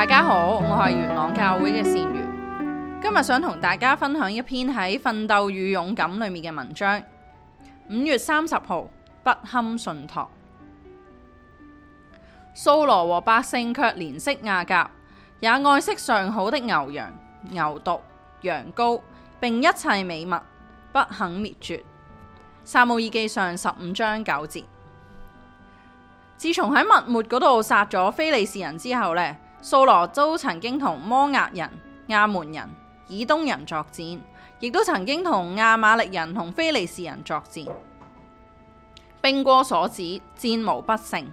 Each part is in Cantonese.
大家好，我係元朗教會嘅善如，今日想同大家分享一篇喺奮鬥與勇敢裏面嘅文章。五月三十號，不堪信託，掃羅和百姓卻憐惜亞甲，也愛惜上好的牛羊、牛犢、羊羔，並一切美物，不肯滅絕。撒母耳記上十五章九節，自從喺密抹嗰度殺咗非利士人之後呢。」掃羅都曾經同摩押人、亞捫人、以東人作戰，亦都曾經同亞瑪力人同非利士人作戰，兵戈所指，戰無不勝。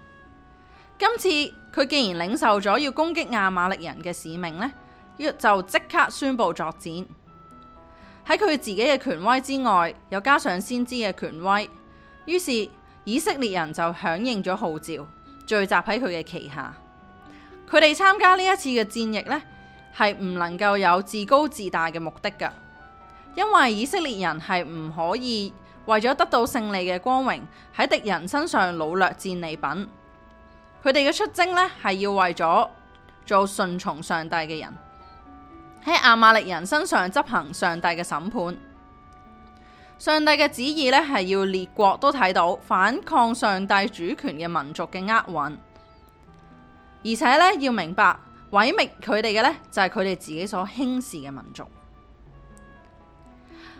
今次佢既然領受咗要攻擊亞瑪力人嘅使命呢，就即刻宣布作戰。喺佢自己嘅權威之外，又加上先知嘅權威，於是以色列人就響應咗號召，聚集喺佢嘅旗下。佢哋參加呢一次嘅戰役呢，係唔能夠有自高自大嘅目的㗎，因為以色列人係唔可以為咗得到勝利嘅光榮，喺敵人身上擄掠戰利品。佢哋嘅出征呢，係要為咗做順從上帝嘅人，喺亞瑪力人身上執行上帝嘅審判。上帝嘅旨意呢，係要列國都睇到反抗上帝主權嘅民族嘅厄運。而且呢，要明白，毀滅佢哋嘅呢，就係佢哋自己所輕視嘅民族。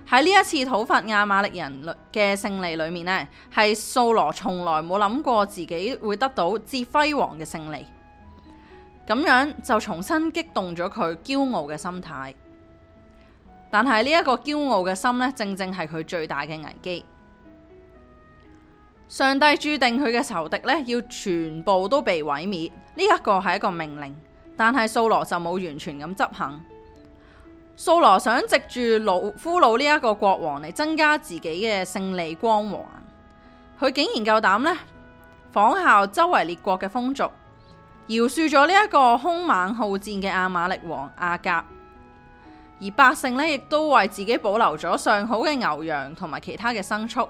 喺呢一次討伐亞瑪力人嘅勝利裏面呢，係掃羅從來冇諗過自己會得到至輝煌嘅勝利。咁樣就重新激動咗佢驕傲嘅心態，但係呢一個驕傲嘅心呢，正正係佢最大嘅危機。上帝注定佢嘅仇敵呢，要全部都被毀滅。呢一個係一個命令，但係掃羅就冇完全咁執行。掃羅想藉住擄俘虜呢一個國王嚟增加自己嘅勝利光環，佢竟然夠膽呢，仿效周圍列國嘅風俗，饒恕咗呢一個凶猛好戰嘅亞瑪力王亞甲，而百姓呢，亦都為自己保留咗上好嘅牛羊同埋其他嘅牲畜。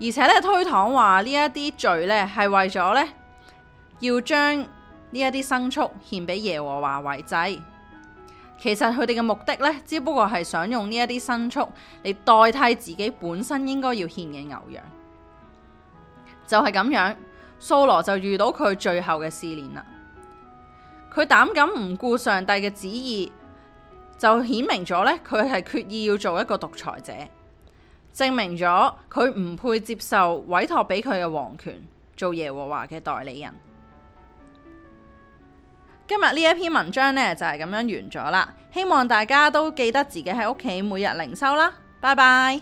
而且咧，推搪話呢一啲罪咧，係為咗咧要將呢一啲牲畜獻俾耶和華為祭。其實佢哋嘅目的咧，只不過係想用呢一啲牲畜嚟代替自己本身應該要獻嘅牛羊。就係咁樣，掃羅就遇到佢最後嘅試煉啦。佢膽敢唔顧上帝嘅旨意，就顯明咗咧，佢係決意要做一個獨裁者。證明咗佢唔配接受委託俾佢嘅皇權，做耶和華嘅代理人。今日呢一篇文章呢，就係咁樣完咗啦，希望大家都記得自己喺屋企每日靈修啦，拜拜。